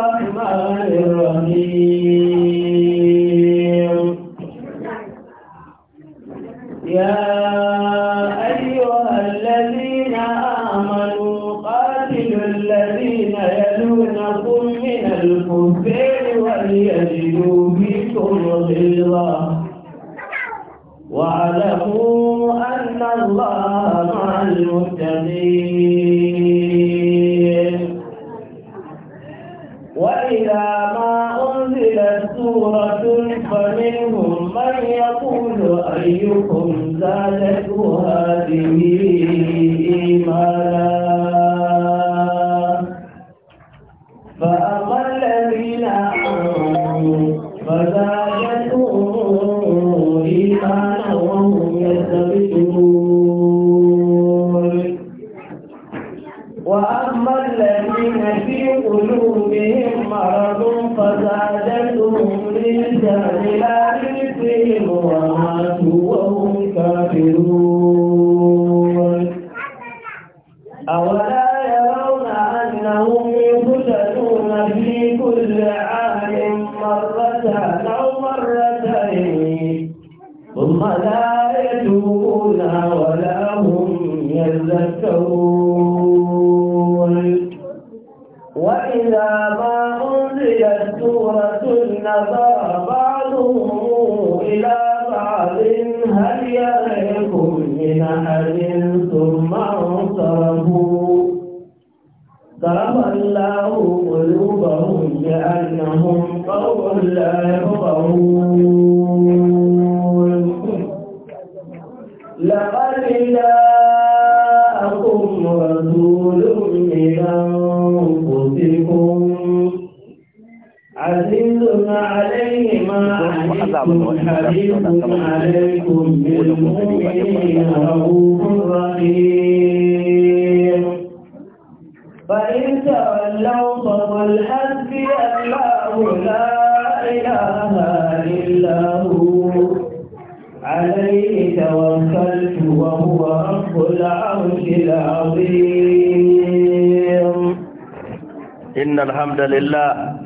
الرحمن الرحيم يتفكرون وإذا ما أنزلت سورة نظر بعضهم إلى بعض هل يريكم من أحد ثم انصرفوا ضرب الله قلوبهم لأنهم قوم لا يفقهون لقد الله عذابا عليكم بالمؤمنين رؤوف رحيم فإن تولوا فقل حسبي الله لا إله إلا هو عليه توكلت وهو رب العرش العظيم إن الحمد لله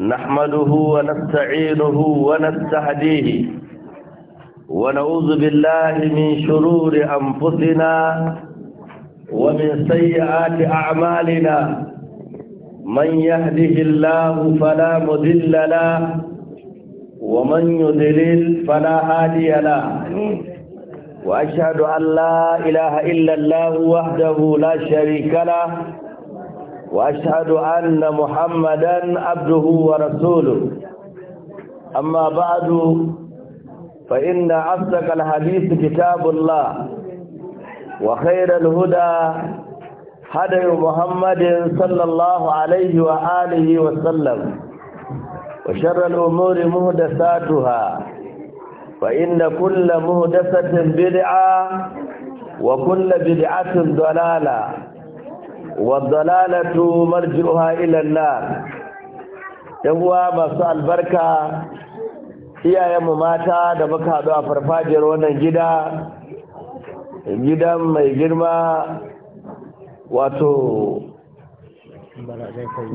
نحمده ونستعينه ونستهديه ونعوذ بالله من شرور أنفسنا ومن سيئات أعمالنا من يهده الله فلا مذل له ومن يذلل فلا هادي له وأشهد أن لا إله إلا الله وحده لا شريك له وأشهد أن محمدا عبده ورسوله أما بعد فإن أصدق الحديث كتاب الله وخير الهدى هدي محمد صلى الله عليه وآله وسلم وشر الأمور مهدساتها فإن كل مهدسة بدعة وكل بدعة ضلالة wadalalatu marji'uha ila an-nar yawa masu albarka iyayen mu mata da muka haɗu a farfajiyar wannan gida gidan mai girma wato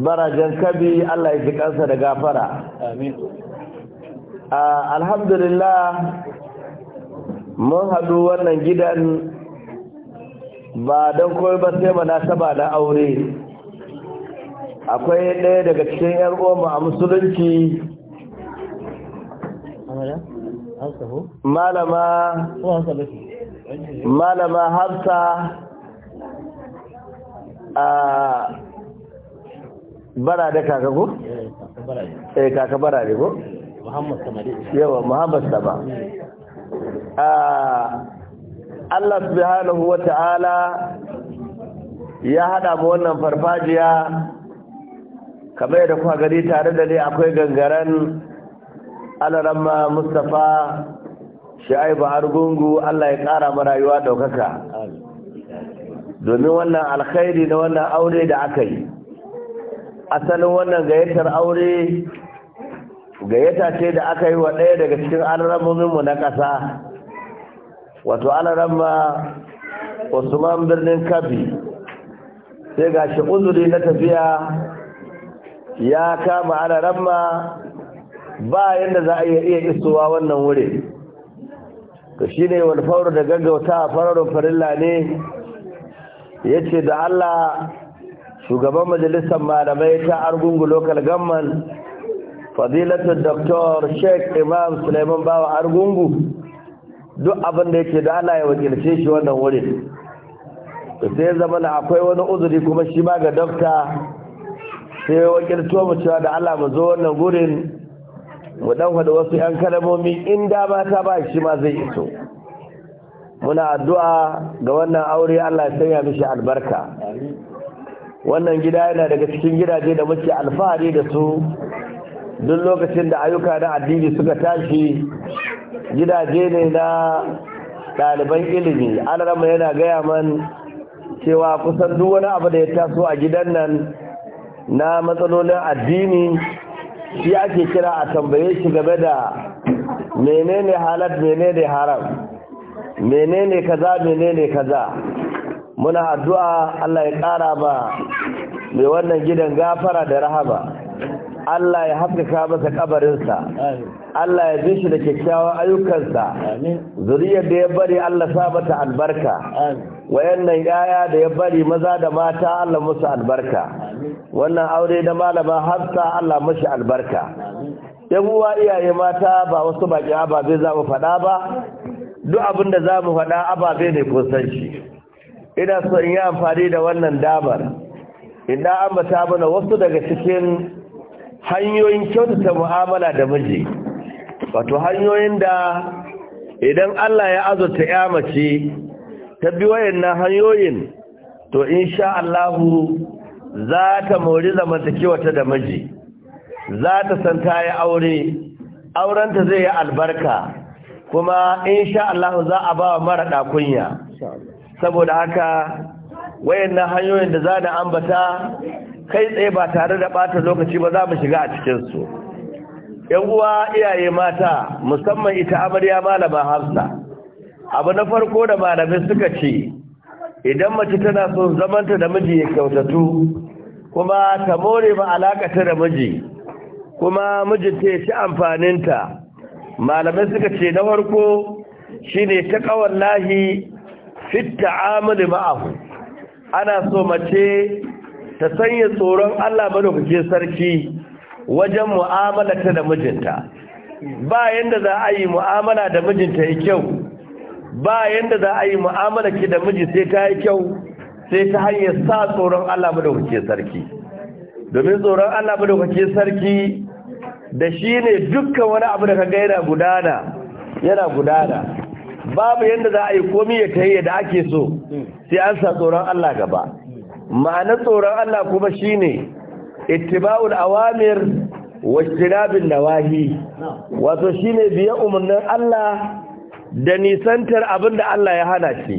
barajan kabi Allah ya ji kansa da gafara alhamdulillah mun hadu wannan gidan ba don kawai ba sai munasaba na aure akwai ɗaya daga cikin yan uwanmu a musulunci malama malama hafsa a bara da kaka ko? eh kaka bara da eh, ko? yawa muhammadu saba hmm. a Allah subhanahu wa ta'ala ya haɗa mu wannan farfajiya kamar yadda kuka gani tare da ne akwai gangaren alarama mustapha sha'ibu argungu Allah ya ƙara marayuwa ɗaukaka domin wannan alkhairi na wannan aure da aka yi asalin wannan gayyatar aure gayyata ce da aka yi wa ɗaya daga cikin mu na ƙasa wato ana nan ma usman birnin kabi sai ga shi uzuri na tafiya ya kama ana nan ma ba yadda za a iya isowa wannan wuri to shi ne wani fauru da gaggauta a fararun farilla ne ya ce da allah shugaban majalisar malamai ta argungu local government fadilatul Dr. Sheik imam suleiman bawa argungu duk abin da yake da Allah ya wakilce shi wannan wurin to sai zama na akwai wani uzuri kuma shi ma ga dokta sai ya wakilto mu cewa da Allah mu zo wannan gurin mu dan hada wasu yan kalamomi in da ba ta ba shi ma zai iso muna addu'a ga wannan aure Allah ya sanya mishi albarka wannan gida yana daga cikin gidaje da muke alfahari da su duk lokacin da ayyuka na addini suka tashi gidaje ne na ɗaliban ilimi alarama yana gaya man cewa kusan duk wani abu da ya taso a gidan nan na matsalolin addini shi ake kira a tambaye shi game da menene halat menene haram menene kaza menene kaza muna addu'a Allah ya ƙara ba mai wannan gidan gafara da rahaba. Allah ya haskaka masa kabarinsa Allah ya shi da kyakkyawan ayyukansa zuriyar da ya bari Allah sa mata albarka wayannan yaya da ya bari maza da mata Allah musu albarka wannan aure da malama hafsa Allah mashi albarka yan uwa iyaye mata ba wasu baki ababe za mu faɗa ba duk abin da za mu faɗa ababe ne kun san shi ina so in yi amfani da wannan damar idan an bata mana wasu daga cikin hanyoyin kyautata mu'amala da miji wato hanyoyin da idan Allah ya azurta ya mace ta bi wayannan hanyoyin to insha Allah za ta mori zaman zamantakewata da miji za ta san ta yi aure aurenta zai yi albarka kuma insha Allah za a ba wa mara ɗakunya saboda haka wayannan hanyoyin da za da ambata kai tsaye ba tare da ɓata lokaci ba za mu shiga a cikinsu yan uwa iyaye mata musamman ita amarya malama hafsa abu na farko da malamai suka ce idan mace tana son zamanta da miji ya kyautatu kuma ta more ba alakata da miji kuma mijinta ya ci amfaninta malamai suka ce na farko shine ta lahi, fit amuli ma'ahu ana so mace ta sanya tsoron Allah madaukakin sarki wajen mu'amala ta da mijinta ba yanda za a yi mu'amala da mijinta ya kyau ba yanda za a yi mu'amala ki da miji sai ta yi kyau sai ta hanyar sa tsoron Allah madaukakin sarki domin tsoron Allah madaukakin sarki da shi ne dukkan wani abu da kaga yana gudana yana gudana babu yanda za a yi komi ya kai da ake so sai an sa tsoron Allah gaba ma'anar tsoron Allah kuma shine ittiba'ul awamir wajtinabin nawahi wato ne biyan umarnin Allah da nisantar abinda Allah ya hana shi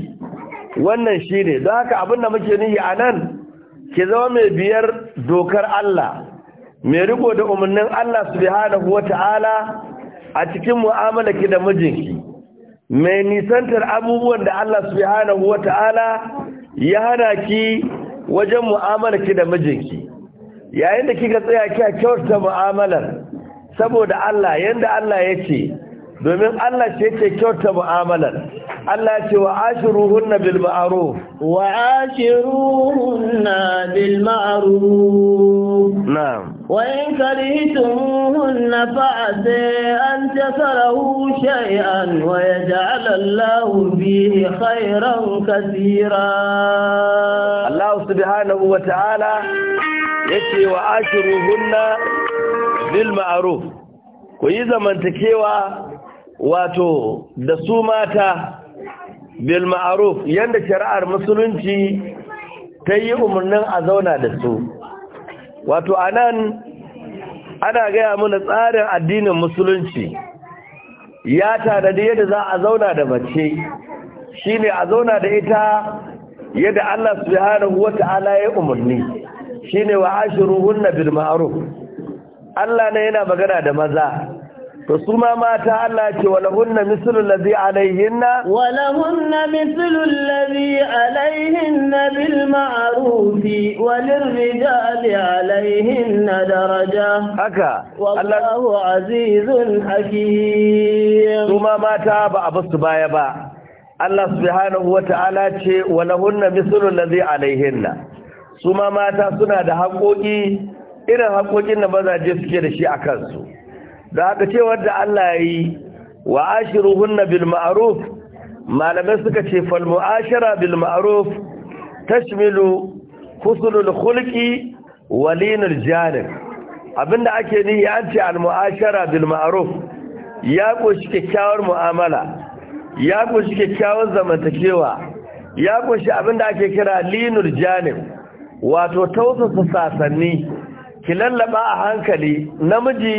wannan shine don haka abinda muke nihi anan ki zama mai biyar dokar Allah mai riko da umarnin Allah subhanahu wata'ala a cikin mu'amalarki da mijinki mai nisantar abubuwan da Allah subhanahu wata'ala ya hana ki wajen mu'amala ki da mijinki yayin da kika tsaya kya kyautata mu'amalar saboda Allah yanda Allah yake domin Allah ce yake kyauta mu'amalar Allah ce wa ashiruhunna bil ma'ruf wa ashiruhunna bil ma'ruf na'am wa in karihtumuhunna fa'asa an tasarahu shay'an wa yaj'al Allahu fihi khairan katira Allah subhanahu wa ta'ala yace wa ashiruhunna bil ma'ruf ku yi zamantakewa wato da su mata bil ma'aruf yanda shari'ar musulunci ta yi umarnin a zauna da su wato anan ana gaya mana tsarin addinin musulunci ya tanadi yadda za a zauna da mace shine a zauna da ita yadda Allah subhanahu wata'ala ya umarni shine wa ruhun bil ma'ruf Allah ne yana magana da maza to su ma mata Allah ce wa lahunna mislu allazi alaihinna wa lahunna mislu allazi alaihinna bil ma'ruf wa lirrijali alaihinna daraja haka wallahu azizun hakim su ma mata ba a su baya ba Allah subhanahu ta'ala ce wa lahunna mislu allazi alaihinna su ma mata suna da haƙoƙi irin haƙoƙin da mazaje suke da shi a kansu da aka cewar da Allah ya yi wa ashiruhunna bil ma'ruf malamai suka ce fal mu'ashara bil ma'ruf tashmilu husnul khulqi walinul linul janib abinda ake ni ya ce al mu'ashara bil ma'ruf ya koshi kyakkyawar mu'amala ya koshi kyakkyawar zamantakewa ya abin abinda ake kira linul janib wato tausasa sasanni ki lallaba a hankali namiji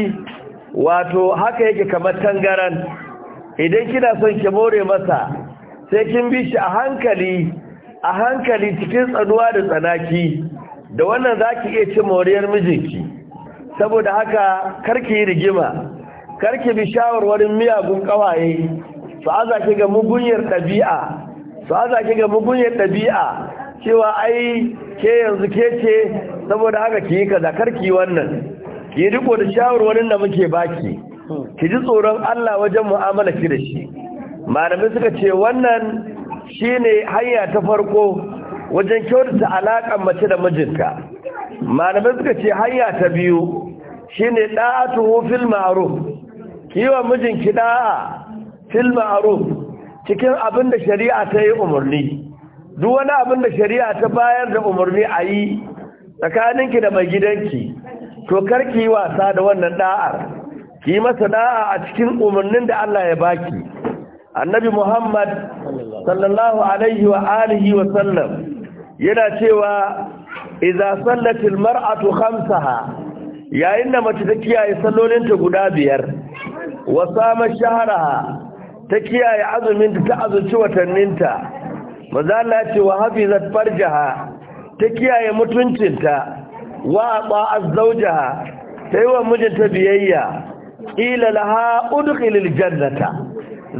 wato haka yake kamar tangaran idan kina son ki more masa sai kin bi shi a hankali a hankali cikin tsanuwa da tsanaki da wannan zaki iya ci moriyar mijinki saboda haka karki yi rigima karki bi shawarwarin miyagun kawaye su aza ki ga mugunyar ɗabi'a su aza ki ga mugunyar ɗabi'a cewa ai ke yanzu ke ce saboda haka ki yi kaza karki wannan ki riko da shawarwarin da muke baki ki ji tsoron Allah wajen mu'amala ki da shi malamai suka ce wannan shine hanya ta farko wajen kyautata alaƙar mace da mijinta malamai suka ce hanya ta biyu shine da'atuhu fil ma'ruf kiwa mijinki da'a fil ma'ruf cikin abin da shari'a ta yi umarni duk wani abin da shari'a ta bayar da umarni a yi tsakaninki da mai gidanki to karki yi wasa da wannan da'ar ki yi masa da'a a cikin umarnin da Allah ya baki annabi muhammad sallallahu alaihi wa alihi wa sallam yana cewa idza sallatil mar'atu khamsaha yayin da mace ta kiyaye sallolinta guda biyar wa sama shahraha ta kiyaye azumin ta azumci watanninta maza Allah ce wa hafizat farjaha ta kiyaye mutuncinta wa ba azaujaha ta wa mijinta biyayya ila laha udkhilil jannata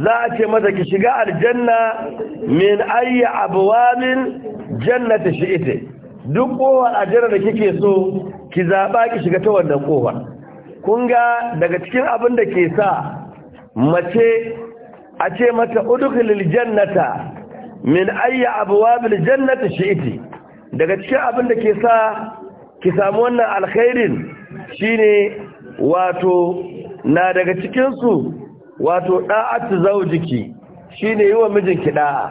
za a ce mata ki shiga aljanna min ayi abwabin jannata shi'ite duk kowa aljanna da kike so ki zaba ki shiga ta wannan kowa kun ga daga cikin abin da ke sa mace a ce mata udkhilil jannata min ayi abwabil jannati shi'ti daga cikin abin da ke sa ki samu wannan alkhairin shine wato na daga cikinsu wato da'atu zaujiki shine yi wa mijinki da'a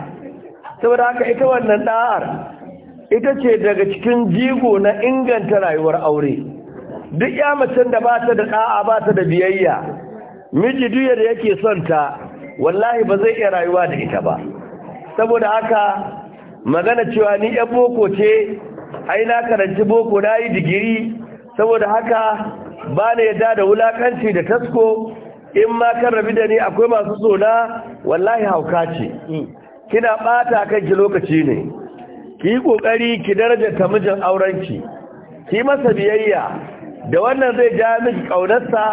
saboda haka ita wannan ɗa'ar, ita ce daga cikin jigo na inganta rayuwar aure duk ya macen da ba ta da ɗa'a ba ta da biyayya miji duk da yake son ta wallahi ba zai iya rayuwa da ita ba saboda haka magana cewa ni yan boko ce ai na karanci boko na yi digiri saboda haka ba na yadda da wulakanci da tasko in ma kan rabi da ni akwai masu tsona wallahi hauka ce kina bata kan ki lokaci ne ki yi kokari ki daraja ta mijin aurenki ki masa biyayya da wannan zai ja miki kaunarsa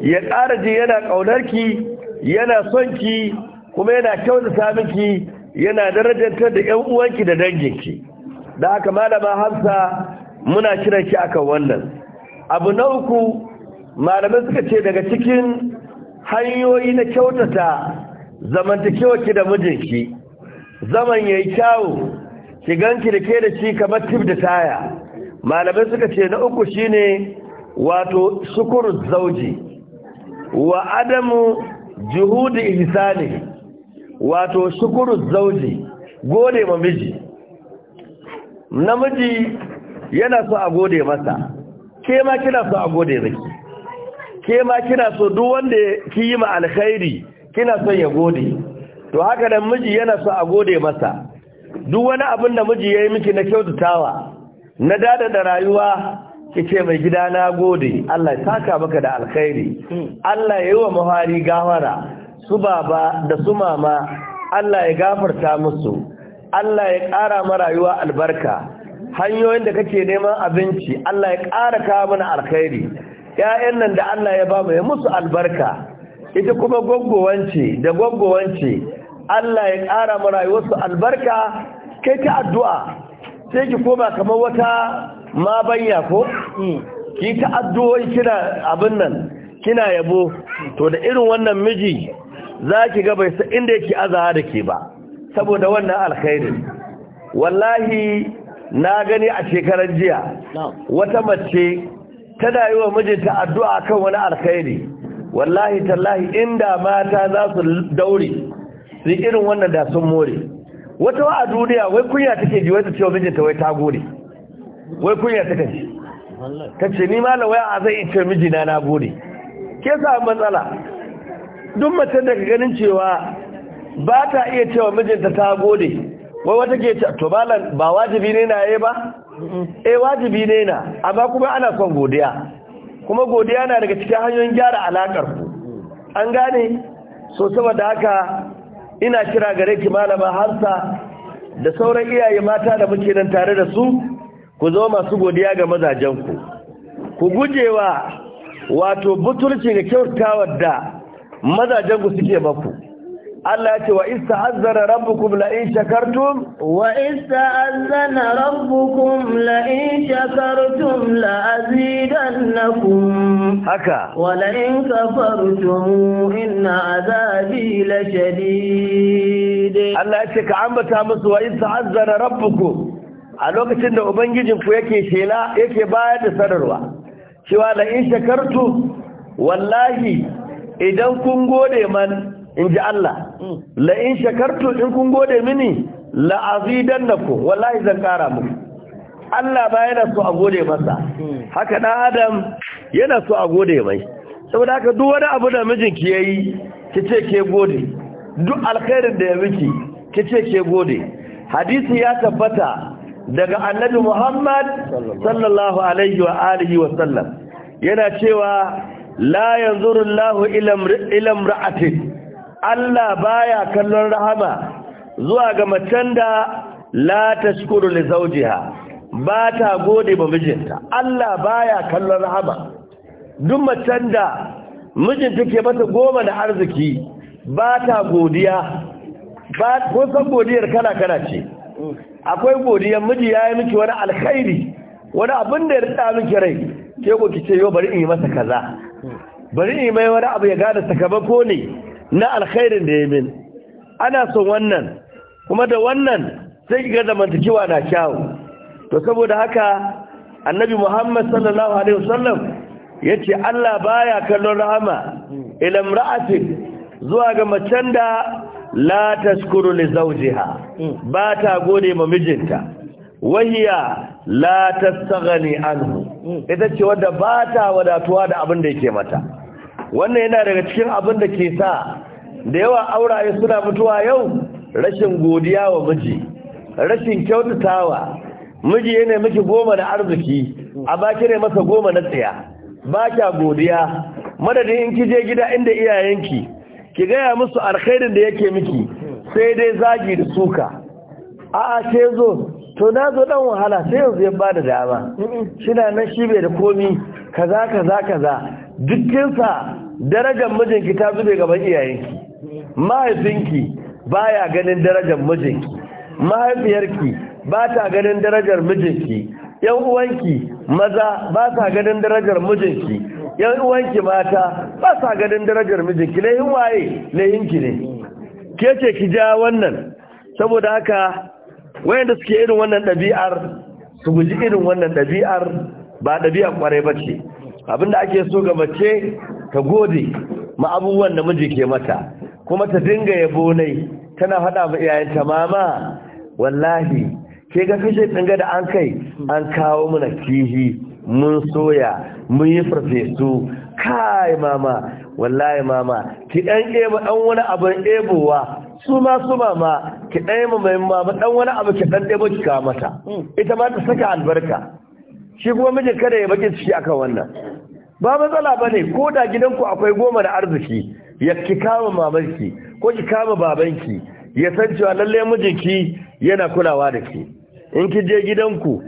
ya ƙara ji yana ki, yana son ki kuma yana kyautata miki yana darajantar da ƴan uwanki da danginki da haka malama hafsa muna kiran shi akan wannan abu na uku malamai suka ce daga cikin hanyoyi na kyautata zamantakewarki da mijinki zaman yayi kyawu ki ganki da ke da shi kamar tif da taya malamai suka ce na uku shine wato shukuru zauji wa adamu juhudi ihsani wato shukuru zauji gode ma miji namiji yana so a gode masa ke ma kina so a gode miki ke ma kina so duk wanda ki yi ma alkhairi kina so ya gode to haka da miji yana so a gode masa duk wani abin da miji ya yi miki na kyautatawa na dada da rayuwa ki ce mai gida na gode Allah ya saka maka da alkhairi Allah ya yi wa muhari gawara su baba da su mama Allah ya gafarta musu Allah ya ƙara ma rayuwa albarka hanyoyin da kake neman abinci Allah ya ƙara kawo mana alkhairi 'ya'yan nan da Allah ya ba mu ya musu albarka ita kuma gwaggowance da gwaggowance Allah ya ƙara ma su albarka kai ta addu'a sai ki koma kamar wata ma banya ko mm. ki ta addu'o'i kina abin nan kina yabo to da irin wannan miji za ki ga bai sa inda yake azaha da ke ba saboda wannan alkhairin wallahi na gani a shekarar jiya wata mace tana yi wa mijinta addu'a kan wani alkhairi wallahi tallahi inda mata za su daure su irin wannan da sun more wata wa a duniya wai kunya take ji wai ta ce wa mijinta wai ta gori? wai kunya take ji ta ce ni ma lawaya a zai ce mijina na gori? ke sa matsala duk mace da ganin cewa ba ta iya cewa mijinta ta gode wai wata ke ce to ba wajibi ne na yi ba eh wajibi ne na amma kuma ana son godiya kuma godiya na daga cikin hanyoyin gyara alakar ku an gane so saboda haka ina kira gare ki malama harsa da sauran iyaye mata da muke nan tare da su ku zo masu godiya ga mazajenku ku guje wa wato butulci ga kyautawar da mazajenku suke maku Allah ce wa ista azzara rabbukum la in shakartum wa ista azzana rabbukum la in shakartum la azidannakum haka wa la in kafartum inna azabi la shadid Allah ce ka ambata musu wa ista azzara rabbukum a lokacin da ku yake shela yake bayar da sadarwa. cewa la in shakartum wallahi idan kun gode man in ji Allah mm. la in shakartu in kun gode mini la azidannakum wallahi zan kara muku Allah ba yana so a gode masa mm. haka dan adam yana so a gode mai saboda haka duk wani abu da mijinki yayi kice ke gode duk alkhairin da ya miki kice ke gode hadisi ya tabbata daga annabi Muhammad sallallahu alaihi wa alihi wa sallam yana cewa la yanzurullahu Allahu ila imra'atin Allah baya kallon rahama zuwa ga macen da la tashkuru li zawjiha ba ta gode ba mijinta Allah baya kallon rahama duk macen da mijinta ke mata goma da arziki ba ta godiya ba ko san godiyar kana kana ce akwai godiyar miji yayi miki wani alkhairi wani abin da ya rida miki rai ke ku ki ce yo bari in yi masa kaza bari in yi mai wani abu ya gada sakamako ne na alkhairin da ya min ana son wannan kuma da wannan sai ga zamantakewa na kyawu to saboda haka annabi muhammad sallallahu alaihi wasallam ya ce allah baya kallon rahama ilam ra'atin zuwa ga macen da la tashkuru li zawjiha ba ta gode ma mijinta wahiya la tastaghni anhu ita ce wadda ba ta wadatuwa da abin da yake mata wannan yana daga cikin abin da ke sa da yawa auraye suna mutuwa yau rashin godiya wa miji rashin kyautatawa miji yana miki goma na arziki a baki ne masa goma na tsaya ba kya godiya madadin in kije gida inda iyayenki ki gaya musu alkhairin da yake miki sai dai zagi da suka a'a sai zo to na zo dan wahala sai yanzu ya bada dama shina nan shi bai da komi kaza kaza kaza dukkinsa darajar mijinki ta zube gaban iyayenki mahaifinki baya ganin darajar mijinki mahaifiyarki ba ta ganin darajar mijinki yan uwanki maza ba sa ganin darajar mijinki yan uwanki mata ba sa ganin darajar mijinki Laihin waye laihinki ne ke ce ki ja wannan saboda haka wayanda suke irin wannan ɗabi'ar su guji irin wannan ɗabi'ar ba ɗabi'ar kwarai ba ce abinda ake so ga mace ta gode ma abubuwan da miji ke mata kuma ta dinga yabo nai tana faɗa ma iyayenta mama wallahi ke ga kashe dinga da an kai an kawo mana kihi mun soya mun yi farfesu kai mama wallahi mama ki dan eba dan wani abin ebowa su ma su mama ki dan mai mama dan wani abu ki dan ebo ki kawo mata mm. ita ma ta saka albarka shi kuma mijin kada ya baki ciki akan wannan ba matsala ba ne ko da gidanku akwai goma da arziki ya ki kama mamanki ko ki kama babanki ya san cewa lallai mijinki yana kulawa da ki in ki je gidanku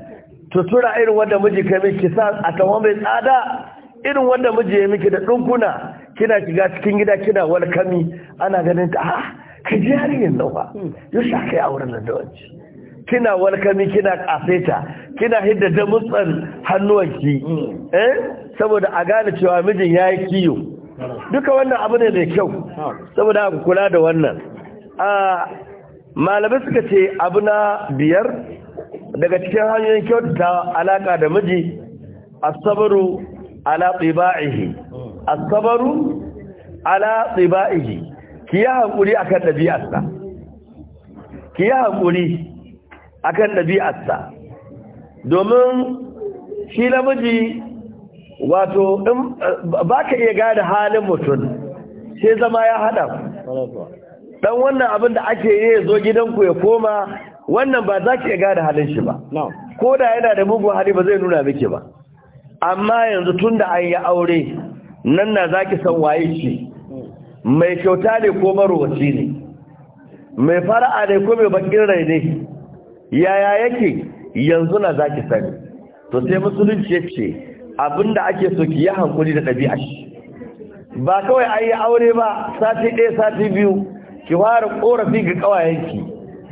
tutura irin wanda miji kai miki sa a tawa mai tsada irin wanda miji ya miki da dunkuna kina shiga cikin gida kina walkami ana ganin ta ah ka ji yarinyar nan ba kai auren nan da wanci kina walkami kina kafeta kina hidda da mutsan hannuwanki mm. eh saboda a gane cewa mijin ya yi kiyo duka wannan abu ne mai kyau saboda ku kula da wannan a malamai suka ce abu na biyar daga cikin hanyoyin kyautata alaka da miji asabaru ala tibaihi asabaru ala tsibaihi ki yi hankuri akan ɗabi'arsa ki yi hankuri akan asa domin shi namiji wato ba ka iya gane halin mutum sai zama ya haɗa dan wannan abin da ake yi zo ku ya koma wannan ba za ki iya gane halin shi ba ko da yana da mugun hali ba zai nuna miki ba amma yanzu tun da an yi aure nan na za ki san waye shi mai kyauta ne ko marowaci ne mai fara'a ne ko mai bakin rai ne yaya yake yanzu na zaki sani to sai musulunci ya ce abinda ake so ki yi hankuli da ɗabi'a shi ba kawai an yi aure ba sati ɗaya sati biyu ki fara ƙorafi ga ƙawayenki.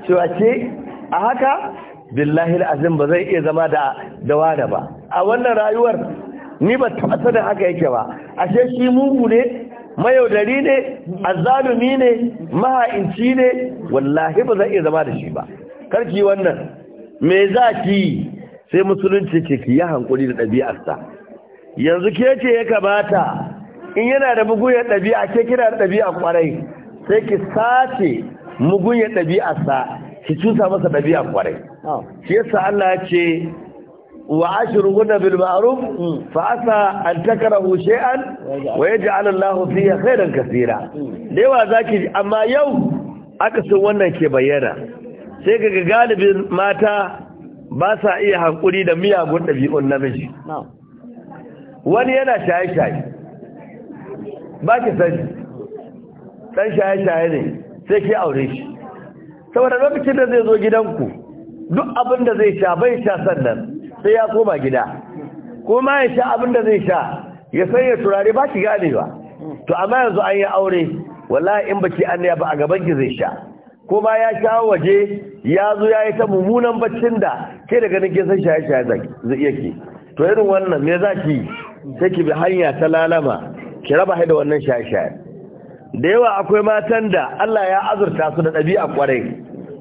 cewa ce a haka billahi azim ba zai iya zama da dawada ba a wannan rayuwar ni ba taɓa sanin haka yake ba ashe shi mugu ne mayaudari ne azzalumi ne maha'inci ne wallahi ba zai iya zama da shi ba karki wannan me za ki sai musulunci ce ki yi hankuri da ɗabi'arsa yanzu ke ce ya kamata in yana da muguyar ɗabi'a ke kira da ɗabi'a kwarai sai ki sace muguyar ɗabi'arsa ki cusa masa ɗabi'a kwarai shi yasa Allah ya ce wa ashiru hunna bil ma'ruf fa asa an takrahu shay'an wa yaj'al Allah fihi khairan kaseera da yawa zaki amma yau aka san wannan ke bayyana sai ga galibin mata ba sa iya hankuri da miyagun ɗabi'un namiji wani yana shaye-shaye ba ki sani ɗan shaye-shaye ne sai ki aure shi saboda lokacin da zai zo gidanku duk abin da zai sha bai sha sannan sai ya koma gida kuma ya sha abin da zai sha ya sanya turare ba ki ganewa to amma yanzu an yi aure wallahi in baki an ya ba a gaban ki zai sha ko ma ya sha waje ya zo ya yi ta mummunan baccin da ke da ganin kisan shaye shaye zai iya ke to irin wannan me za ki sai bi hanya ta lalama ki raba haida wannan shaye shaye da yawa akwai matan da Allah ya azurta su da ɗabi'a kwarai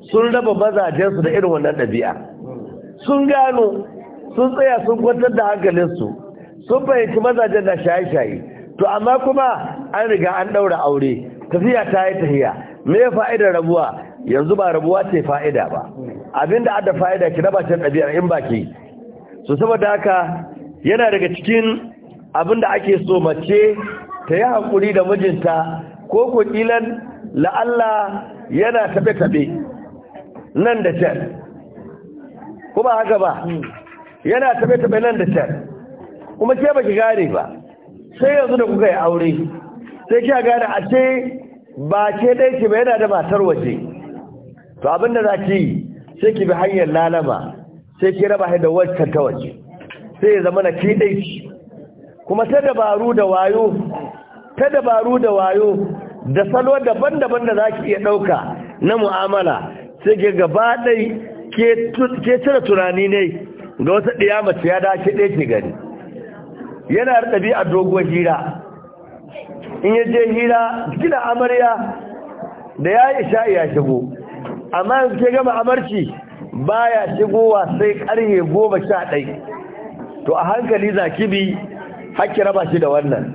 sun raba mazajen da irin wannan ɗabi'a sun gano sun tsaya sun kwantar da hankalinsu sun fahimci mazajen da shaye shaye to amma kuma an riga an ɗaura aure tafiya ta yi tafiya me fa'idar rabuwa yanzu ba rabuwa ce fa'ida ba abinda adda fa'ida ki raba ta ɗabi'ar in baki so saboda haka yana daga cikin abinda ake so mace ta yi hakuri da mijinta ko ko kilan la'alla yana tabe tabe nan da can kuma haka ba yana tabe tabe nan da can kuma ke baki gare ba sai yanzu da kuka yi aure sai kika gane a ce ba ke dai ki ba yana da matar waje to abin da za ki yi sai ki bi hanyar lalama sai ki raba da wacce ta waje sai ya zama na ki dai kuma ta dabaru da wayo ta dabaru da wayo da salo daban-daban da za ki iya ɗauka na mu'amala sai ke gaba ɗai ke cire tunani ne ga wata ɗiyamaci ya dace ɗaya ke gani yana da a doguwar hira in ya je hira gina amarya da ya yi sha'i ya shigo amma yanzu ke gama amarci baya shigowa sai karhe goma sha ɗai to a hankali ki bi hakki raba shi da wannan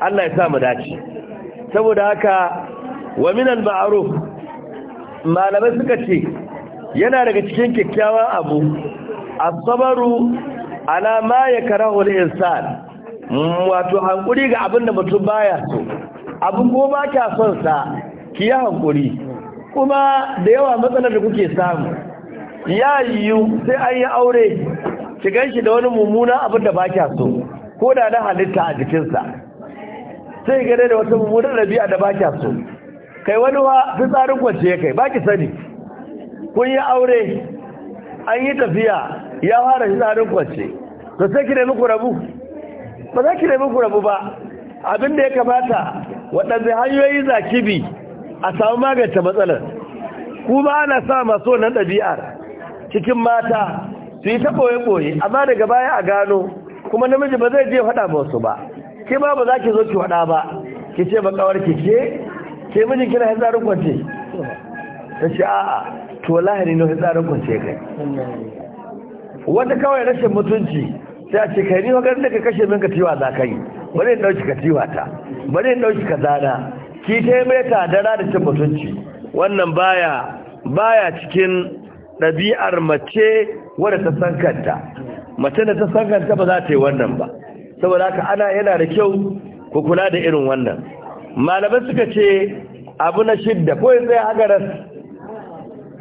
Allah ya sa mu dace saboda haka wa minan ma'ruf malamai suka ce yana daga cikin kyakkyawan abu asabaru ala ma kara wani insani Mm, wato hankuri ga abin da mutum baya so abin ko ba kya son sa ki yi hankuri kuma da yawa matsalar da kuke samu ya yiwu sai an yi aure ki ganshi da wani mummuna abin da ba kya so ko da na halitta a jikinsa sai gane da wata mummunan rabi'a da ba ka so kai wani wa fitsarin kwance kai ba ki sani kun yi aure an yi tafiya ya fara fitsarin kwance to sai ki nemi ku rabu ba za ki nemi ku rabu ba abin da ya kamata waɗanda hanyoyi za bi a samu magance matsalar kuma ana sa maso nan ɗabi'ar cikin mata su yi ta ɓoye-ɓoye amma daga baya a gano kuma namiji ba zai je faɗa ba wasu ba ke ba ba za ki zo ki faɗa ba ki ce ba ƙawar ki ke ke mijin kira hanzarin kwance ta ce a'a to lahari na hanzarin kwance kai wata kawai rashin mutunci sai a ce kai ni wakar da ka kashe min ka tiwa za ka yi bari in dauki ka tiwa ta bari in dauki ka zana ki ta mai dara da cin mutunci wannan baya baya cikin ɗabi'ar mace wadda ta san kanta mace da ta san kanta ba za ta yi wannan ba saboda haka ana yana da kyau ku kula da irin wannan malaman suka ce abu na shidda ko yanzu ya hagaras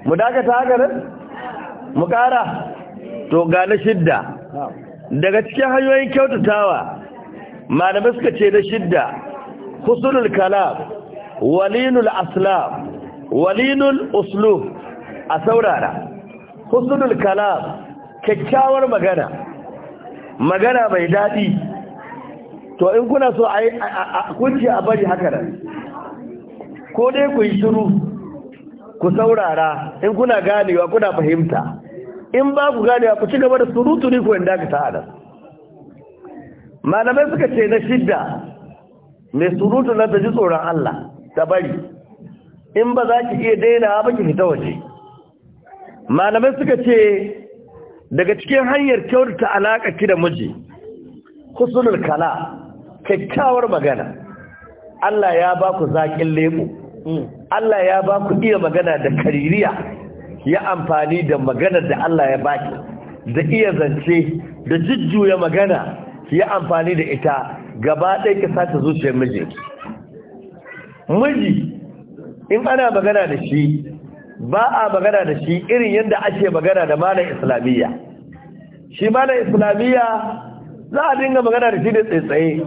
mu dakata hagaras mu kara to ga na shidda daga cikin hanyoyin kyautatawa malamai suka ce da shidda husnul kalam walinul aslam walinul uslub a saurara husnul kalam kyakkyawar magana magana mai daɗi to in kuna so a kunci a bari haka nan ko dai ku yi shiru ku saurara in kuna ganewa kuna fahimta in ba ku gane ku ci gaba da surutu ne ku in dakata ta malamai suka ce na shidda mai surutu na ta ji tsoron Allah ta bari in ba za ki iya daina ba ki fita waje malamai suka ce daga cikin hanyar kyautata alaƙa ki da miji kusulul kala kyakkyawar magana Allah ya ba ku zaƙin lebo hmm. Allah ya ba ku iya magana da kaririya ya amfani da magana da Allah ya baki da iya zance da jujjuya magana ya amfani da ita gaba ɗaya ki sace zuciyar miji miji in ana magana da shi ba a magana da shi irin yadda ake magana da malam islamiyya shi malam islamiyya za a dinga magana da shi da tsaye-tsaye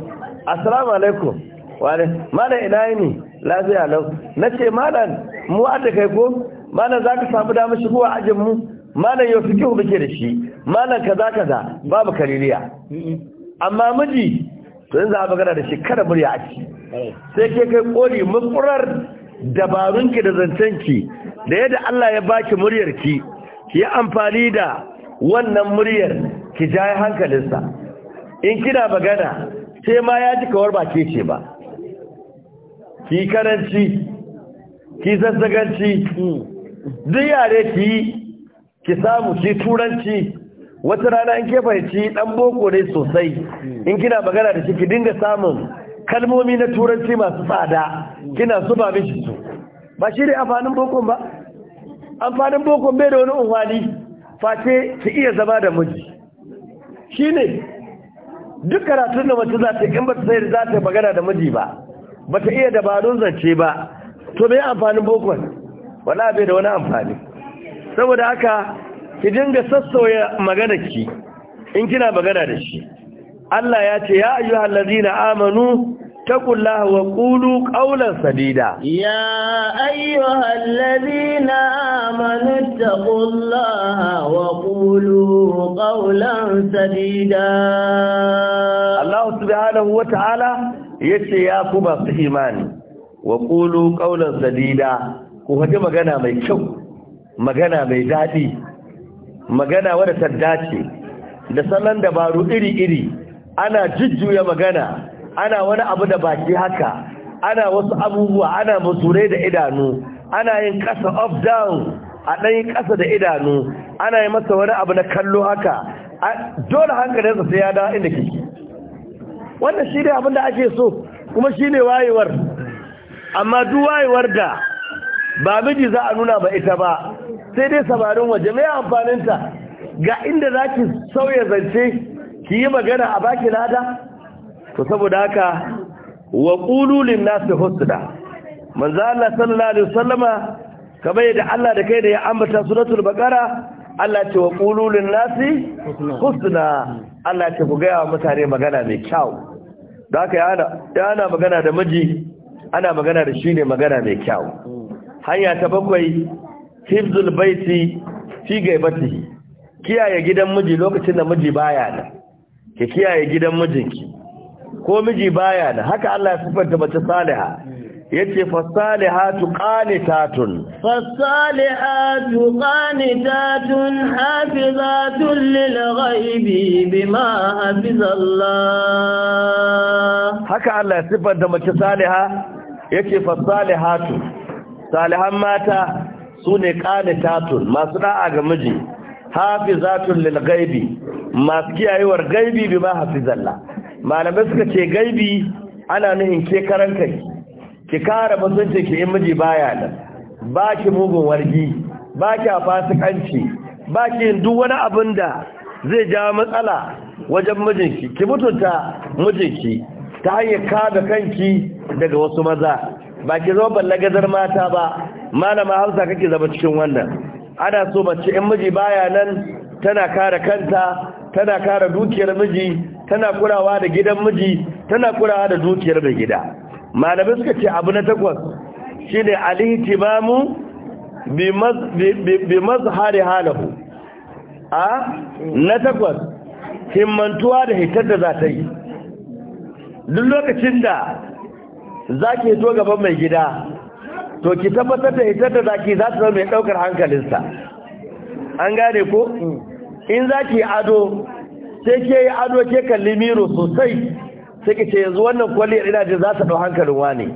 assalamu alaikum wane malam ina ne lafiya lau na ce malam mu da kai ko za ka samu damar shigowa ajin mu mana yau kihu muke da shi malam kaza kaza babu kariliya amma miji to yanzu a magana da shi kada murya a ci sai ke kai koli mafurar dabarunki da zancenki da yadda Allah ya baki muryarki ki yi amfani da wannan muryar ki jaye hankalinsa in kina magana sai ma ya ji kawar ba ke ce ba ki karanci ki zazzaganci duk yare ki yi ki samu ki turanci wata rana in ke fahimci dan boko ne sosai in kina magana da shi ki dinga samun kalmomi na turanci masu tsada kina ba mishi su ba shi ne amfanin bokon ba amfanin bokon bai da wani umfani face ki iya zama da miji shi ne duk karatun da mace za ta in ba ta sayar za ta magana da miji ba ba ta iya dabarun zance ba to me amfanin bokon wani abin da wani amfani saboda aka ki dinga sassauya ki, in kina magana da shi Allah ya ce ya ayyuha allazina amanu taqullaha wa qulu qawlan sadida ya ayyuha allazina amanu taqullaha wa qulu qawlan sadida Allah subhanahu wa ta'ala yace ya ku ba su imani wa qulu qawlan sadida ku waje magana mai kyau magana mai daɗi magana wadda ta dace da salon dabaru iri-iri ana jujjuya magana ana wani abu da baki haka ana wasu abubuwa ana masurai da idanu ana yin ƙasa up down a ɗayin ƙasa da idanu ana yi masa wani abu na kallo haka dole hankalinsa sai ya dawa inda kiki wannan shi ne abin da ake so kuma shi ne wayewar amma duk wayewar da ba miji za a nuna ba ita ba sai dai samarin waje mai amfaninta ga inda za ki sauya zance ki yi magana a baki lada to saboda haka wa ƙululin nasu husna manzo Allah sallallahu alaihi wasallama kamar yadda Allah da kai da ya ambata suratul bakara Allah ce wa ƙululin nasi husna Allah ce ku gaya wa mutane magana mai kyau da haka ya ana magana da miji ana magana da shi ne magana mai kyau hanya ta bakwai hifzul baiti fi gaibati kiyaye gidan miji lokacin da miji baya da, ki kiyaye gidan mijinki ko miji baya da. haka Allah ya sifanta mace saliha yace salihatu qanitatun salihatu qanitatun hafizatun lil ghaibi bima hafizallah haka Allah ya sifanta mace saliha yace salihatu salihan mata su ne tatun masu ɗa'a ga miji hafizatun lil gaibi masu kiyayewar gaibi bi ma hafizalla malamai suka ce gaibi ana nuhin ke karan kai ki kare mutunci ki in miji baya nan ba ki mugun wargi ba ki fasikanci ba ki yin duk wani abin da zai ja matsala wajen mijinki ki mutunta mijinki ta hanyar kada kanki daga wasu maza ba ki zama ballagazar mata ba malama hausa kake zama cikin wannan ana so mace in miji baya nan tana kare kanta tana kare dukiyar miji tana kurawa da gidan miji tana kurawa da dukiyar da gida malamai suka ce abu na takwas shine al bi mazhari halahu a na takwas himmantuwa da hitar da za ta yi duk lokacin da Za zaki to gaban mai gida to ki tabbatar da ita da zaki za su zama mai daukar hankalinsa an gane ko in za ki ado sai ke yi ado ke kalli miro sosai sai ki ce yanzu wannan a ina jin za ta dau hankalin wani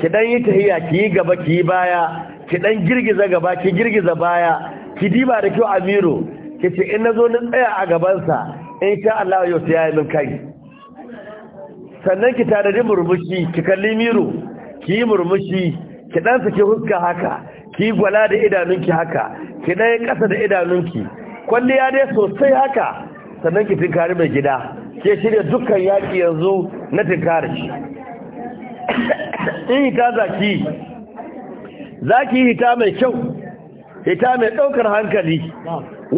ki dan yi tahiya ki yi gaba ki yi baya ki dan girgiza gaba ki girgiza baya ki diba da kyau a miro ki ce in na zo na tsaya a gabansa in sha Allah yau sai ya yi min kai sannan ki tanadi murmushi ki kalli miro ki yi murmushi ki dan saki huska haka ki gwala da idanunki haka ki dan kasa da idanunki kwalliya dai sosai haka sannan ki tinkari mai gida ke shirya dukkan yaki yanzu na tinkari shi in hita zaki zaki hita mai kyau hita mai ɗaukar hankali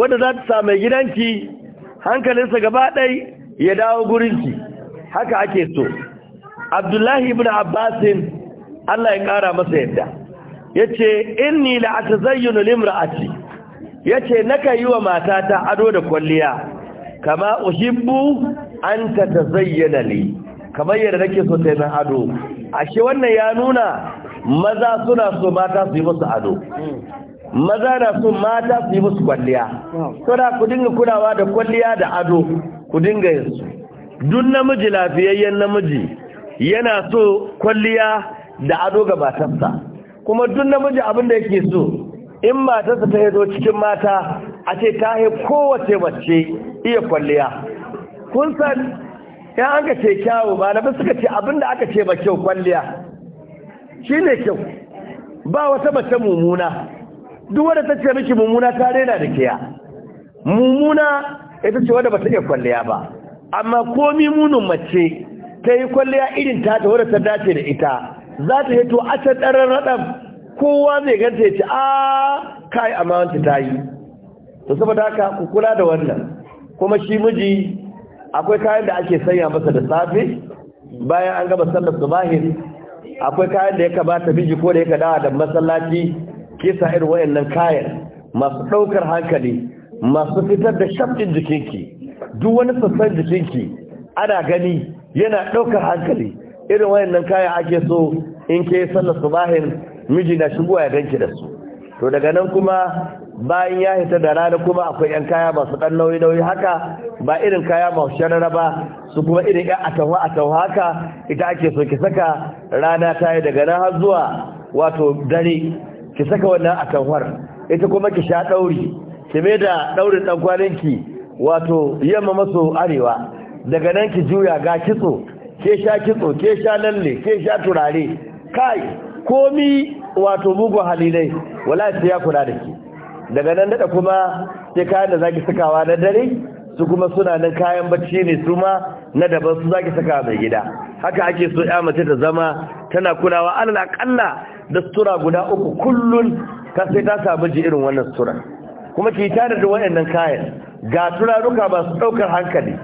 wanda za ta sa mai gidanki hankalinsa gaba ɗai ya dawo gurinki haka ake so abdullahi ibn abbasin Allah ya kara masa yadda ya ce inni la'atazayyunu limra'ati ya ce naka yi wa matata ado da kwalliya kama uhibbu an ta tazayyana li kamar yadda nake so ta yi ado ashe wannan ya nuna maza suna so mata su yi musu ado maza na so mata su yi musu kwalliya Suna ku dinga kulawa da kwalliya da ado ku dinga yin su duk namiji lafiyayyen namiji yana so kwalliya da ado ga matarsa kuma duk namiji abin da yake so in matarsa ta yi cikin mata a ce ta yi kowace mace iya kwalliya kun san ya an ka ce kyawu ba na suka ce abin aka ce ba kyau kwalliya shi ne kyau ba wata mace mummuna duk wadda ta ce miki mummuna ta rena da kiya mummuna ita ce wadda ba ta iya kwalliya ba amma komi munin mace ta yi kwalliya irin ta ta wadda ta dace da ita za ta to a can ɗarar raɗar kowa zai ganta ya ce a kai amma ta yi to saboda haka ku kula da wannan kuma shi miji akwai kayan da ake sanya masa da safe bayan an gaba sallar subahin akwai kayan da ya kamata miji ko da ya dawa da masallaci kisa irin wayannan kayan masu ɗaukar hankali masu fitar da shafin jikinki duk wani sassan jikinki ana gani yana ɗaukar hankali irin nan kayan ake so in ke sallar bahin miji na shigowa ya ganki da su to daga nan kuma bayan ya hita da rana kuma akwai yan kaya masu ɗan nauyi-nauyi haka ba irin kaya masu sharara ba su kuma irin yan a atanwa haka ita ake so ki saka rana ta yi daga nan har zuwa wato dare ki saka wannan tawar ita kuma ki sha ɗauri ki mai da ɗaurin ɗan kwaninki wato yamma maso arewa daga nan ki juya ga kitso ke sha kitso ke sha lalle ke sha turare kai komi wato mugu halilai wala ya kula da ki daga nan daɗa kuma sai kayan da zaki sakawa na dare su kuma suna nan kayan bacci ne su ma na daban su zaki saka mai gida haka ake so ya mace ta zama tana kulawa alal akalla da sutura guda uku kullun ka sai ta samu ji irin wannan sutura kuma ki tare da waɗannan kayan ga turaruka masu ɗaukar hankali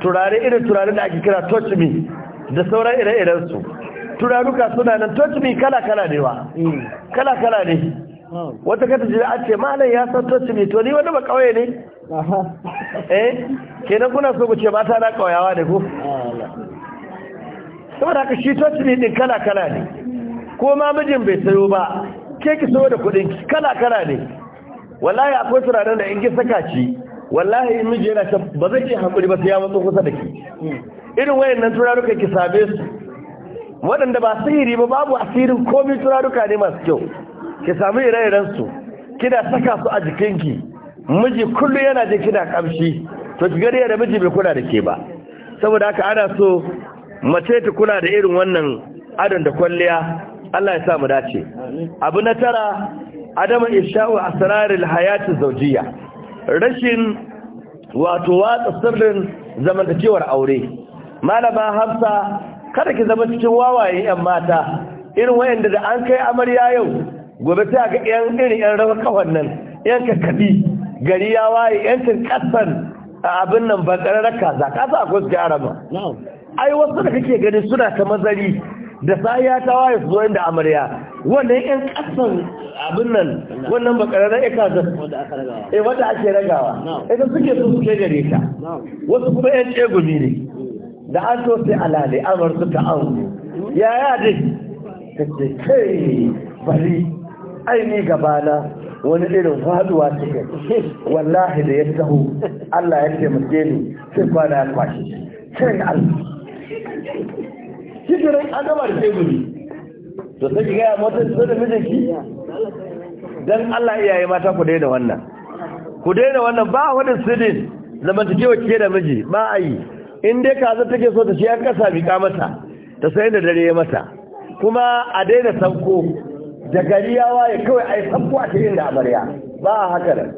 turare irin turare da ake kira touch me da sauran ire-iren su turaruka suna nan touch me kala-kala ne wa? Mm. kala-kala ne wata kata jira a ce malai ya san touch me to ni wani ba kauye ne eh kenan kuna so ku ce mata na kauyawa ne ko ah, saboda haka shi touch me din kala-kala ne ko ma mijin bai sayo ba ke ki so da kuɗin kala-kala ne wallahi akwai turaren da in ki saka shi wallahi in miji yana ta ba zai iya hankuri ba sai ya matso kusa da ki irin wayannan turaruka ki same su waɗanda ba sihiri ba babu asirin komai turaruka ne masu kyau ki samu ire-iren su kina saka su a jikinki miji kullu yana jin kina kamshi to ki gari da miji bai kula da ke ba saboda haka ana so mace ta kula da irin wannan adon da kwalliya Allah ya sa mu dace abu na tara adama isha'u asrarul hayati zawjiyya rashin wato watsa sirrin zamantakewar aure malama hafsa kada ki zama cikin wawaye yan mata irin wayanda da an kai amarya yau gobe ta ga yan irin yan rawa kawan nan yan kakkabi gari ya waye yan tinkasan abin nan ba za kasa akwai su arama ai wasu da kake gani suna ta mazari da sai ya tawa ya zo inda amarya wannan yan kasan abin nan wannan bakararren ka da eh wanda ake ragawa idan eh, suke so su kai gare ka wasu kuma yan cegumi ne da an so sai alale amar su ta ya ya dai kace kai bari ai ni gaba na wani irin faduwa take wallahi da ya taho Allah ya taimake ni sai kwana kwashi sai Allah shigirin an gama da teburi to sai ki gaya mata su da ki dan Allah iyaye mata ku daina wannan ku daina wannan ba wani sidin zamantakewa ke da miji ba a yi in dai kaza take so ta ya kasa ka mata ta sai da dare mata kuma a daina sanko da gari ya waye kawai a yi sanko a cikin da amarya ba haka nan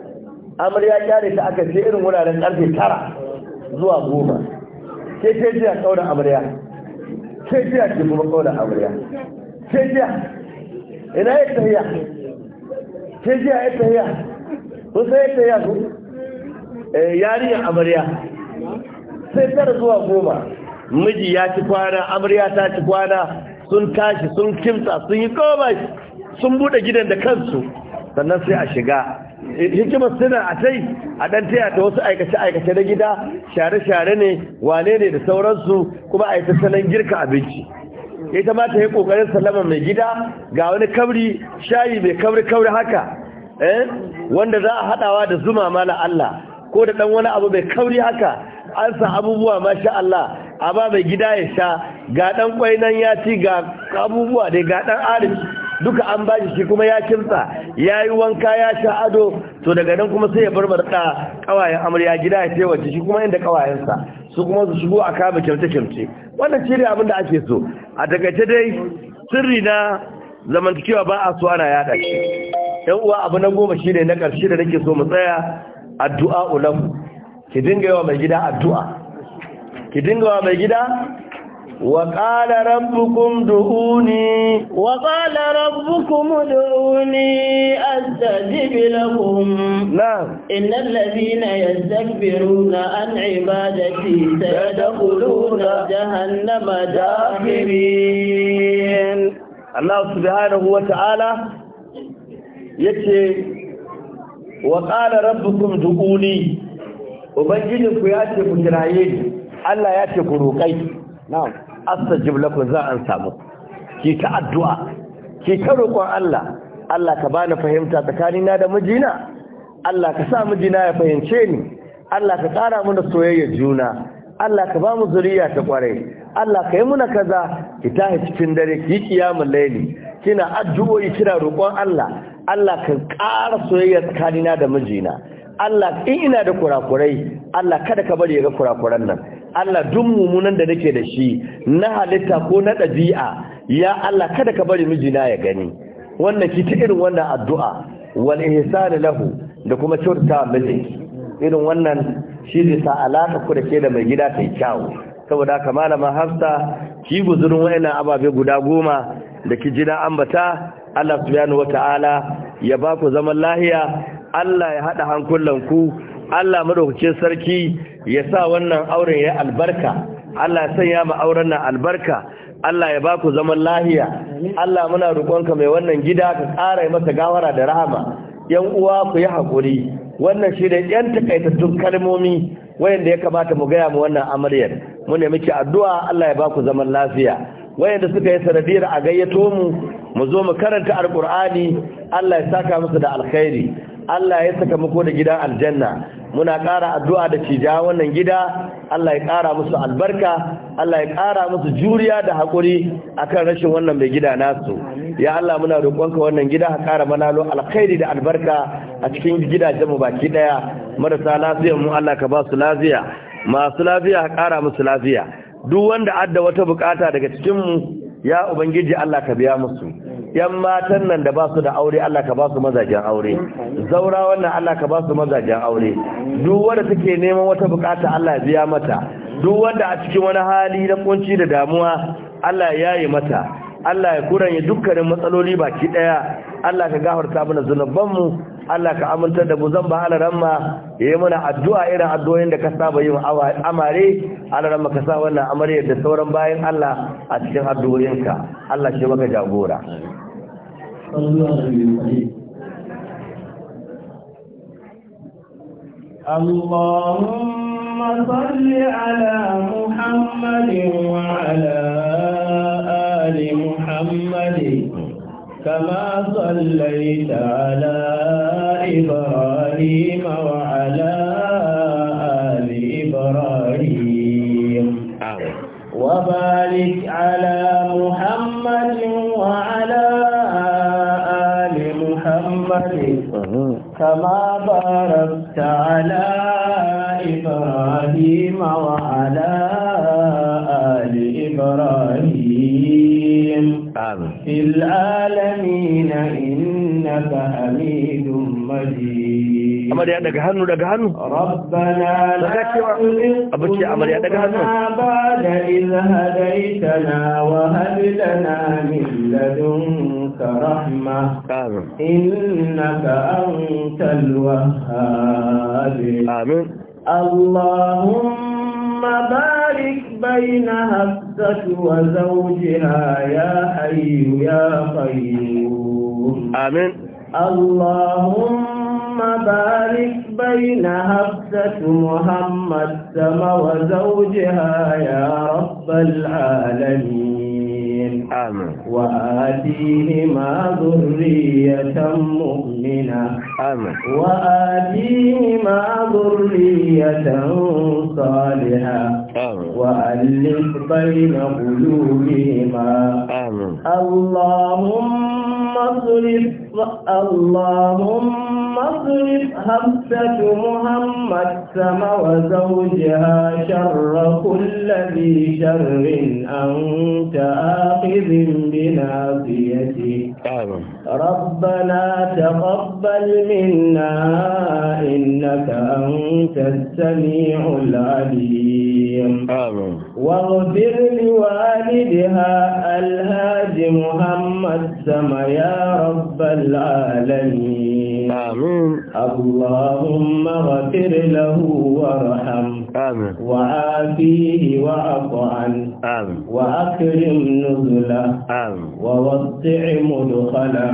amarya kyare ta aka ce irin wuraren karfe tara zuwa goma ke ce jiya kaunar amarya sai jiya ke kuma kauna amarya sai jiya ina ya tahiya sai jiya ya tahiya ko sai ya tahiya ko eh, yarinyar amarya sai tara zuwa goma miji ya ci kwana amarya ta ci kwana sun tashi sun kimsa sun yi kawai sun bude gidan da kansu sannan sai a shiga hikimar suna a tai a ɗan taya ta wasu aikace-aikace na gida share-share ne wane ne da sauransu kuma a yi tattalin girka abinci ita ta ta yi ƙoƙarin salama mai gida ga wani kabri shayi mai kabri-kabri haka eh, wanda za a haɗawa da zuma ma na Allah ko da ɗan wani abu mai kabri haka an sa abubuwa masha Allah a ba mai gida ya sha ga ɗan ƙwai nan ya ci ga abubuwa dai ga ɗan arziki duka an ba shi kuma ya kimsa ya yi wanka ya sha ado to daga nan kuma sai ya bar-bar barbarta kawayen amarya gida ya tewace shi kuma inda kawayensa su kuma su shigo a kama kyamce-kyamce wannan shi ne abin da ake so a takaice dai sirri na zamantakewa ba a so ana yada shi yan uwa abu na goma shi ne na ƙarshe da nake so mu tsaya addu'a ulam ki dinga yawa mai gida addu'a ki dinga yawa mai gida وقال ربكم دعوني وقال ربكم ادعوني أستجب لكم نعم إن الذين يستكبرون عن عبادتي سيدخلون جهنم داخرين الله سبحانه وتعالى يتي وقال ربكم دعوني وبنجدكم ياتي كترايين الله ياتي كروكي na'am astajib lakum za an samu ki ta addu'a ki ta roƙon Allah Allah ka bani fahimta tsakanina da mijina Allah ka sa mijina ya fahimce ni Allah ka ƙara mana soyayyar juna Allah ka ba mu zuriya ta kwarai Allah ka yi muna kaza ki tahi cikin dare ki yi laili kina addu'o'i kina roƙon Allah Allah ka ƙara soyayya tsakanina da mijina Allah in ina da kurakurai Allah kada ka bari ya ga kurakuran nan Allah duk mummunan da nake da shi na halitta ko na ɗabi'a ya Allah kada ka bari mijina ya gani wannan ki ta irin wannan addu'a wal ihsan lahu da kuma kyautata mijinki irin wannan shi zai sa alaka ku da ke da mai gida ta yi kyawu saboda ka malama Hafsa ki guzurin wayannan ababe guda goma da ki jira ambata Allah subhanahu wata'ala ya ba ku zaman lahiya Allah ya haɗa hankulanku Allah madaukakin sarki ya sa wannan auren ya albarka Allah ya sanya mu auren nan albarka Allah ya baku zaman lahiya Allah muna roƙonka mai wannan gida ka ƙara masa gawara da rahama yan uwa ku yi hakuri. wannan shi da yan takaitattun kalmomi wayanda ya kamata mu gaya mu wannan amaryar mu ne muke addu'a Allah ya baku zaman lafiya wayanda suka yi sanadiyar a gayyato mu mu zo mu karanta alqur'ani Allah ya saka musu da alkhairi Allah ya saka muku da gidan aljanna muna ƙara addu'a da cija wannan gida Allah ya ƙara musu albarka Allah ya ƙara musu juriya da haƙuri akan rashin wannan mai gida nasu ya Allah muna roƙonka wannan gida a ƙara manalo alkhairi da albarka a cikin gidajen baki ɗaya marasa lafiyar mu Allah ka ba su lafiya masu lafiya ka ƙara musu lafiya duk wanda adda wata bukata daga cikin mu ya ubangiji Allah ka biya musu yan matan nan da ba su da aure Allah ka ba su mazajen aure zaura wannan Allah ka ba su mazajen aure duk wanda take neman wata bukata Allah ya biya mata duk wanda a cikin wani hali na kunci da damuwa Allah ya yi mata Allah ya ya dukkanin matsaloli baki daya Allah ka gafarta mana mu, Allah ka aminta da mu zan ba Allah ma ya yi mana addu'a irin addu'o'in da ka saba yi amare Allah ma ka sa wannan amare da sauran bayan Allah a cikin addu'o'inka Allah shi maka jagora صلوا على النبي اللهم صل على محمد وعلى آل محمد كما صليت على إبراهيم وعلى آل إبراهيم وبارك على محمد كما باركت على إبراهيم وعلى آل إبراهيم في العالمين إنك حميد مجيد amarya daga hannu daga hannu rabbana daga cewa abuci amarya daga hannu ba da iz hadaitana wa hab lana min ladun ربك رحمة إنك أنت الوهاب آمين اللهم بارك بين هفتة وزوجها يا حي يا قيوم آمين اللهم بارك بين هفتة محمد سم وزوجها يا رب العالمين آمين وآتيهما ذرية مؤمنة آمين وآتيهما ذرية صالحة آمين وألف بين قلوبهما آمين اللهم اصرف اللهم اصرف همسة محمد سما وزوجها شر كل ذي شر أنت آخذ بناصيته ربنا تقبل منا إنك أنت السميع العليم آمين واغفر لوالدها الهادي محمد سما يا رب العالمين آمين اللهم اغفر له وارحمه آمين وعافيه وعف عنه آمين وأكرم نزله آمين ووسع مدنه خلا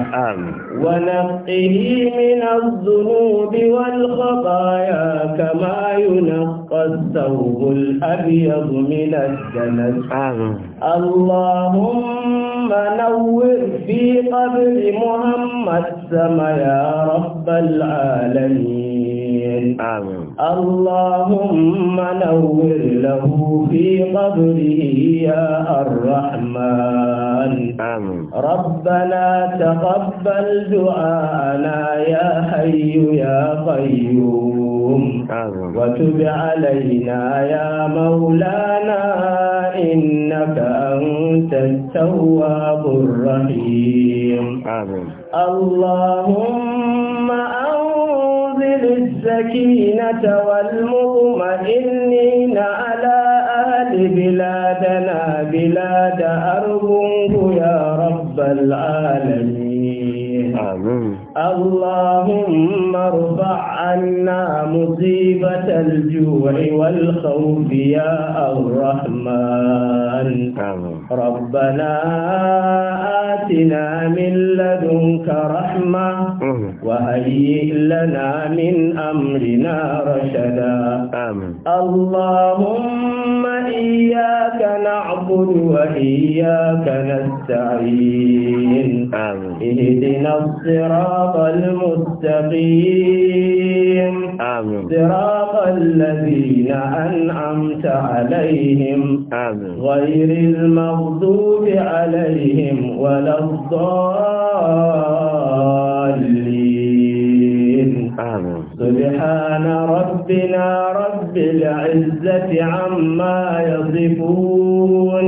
ونقه من الذنوب والخطايا كما ينقى الثوب الأبيض من الدنس اللهم نور في قبر محمد سما يا رب العالمين آمين اللهم نور له في قبره يا الرحمن آمين ربنا تقبل دعاءنا يا حي يا قيوم آمين وتب علينا يا مولانا إنك أنت التواب الرحيم آمين اللهم السكينة والمطمئنين على أهل بلادنا بلاد أرجوك يا رب العالمين آمين اللهم ارفع عنا مصيبة الجوع والخوف يا الرحمن ربنا آتنا من لدنك رحمة وهيئ لنا من أمرنا رشدا اللهم إياك نعبد وإياك نستعين آمين اهدنا الصراط المستقيم آمين صراط الذين أنعمت عليهم آمين غير المغضوب عليهم ولا الضالين آمين سبحان ربنا رب العزة عما يصفون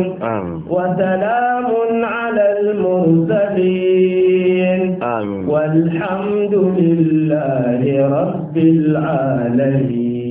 وسلام على المرسلين والحمد لله رب العالمين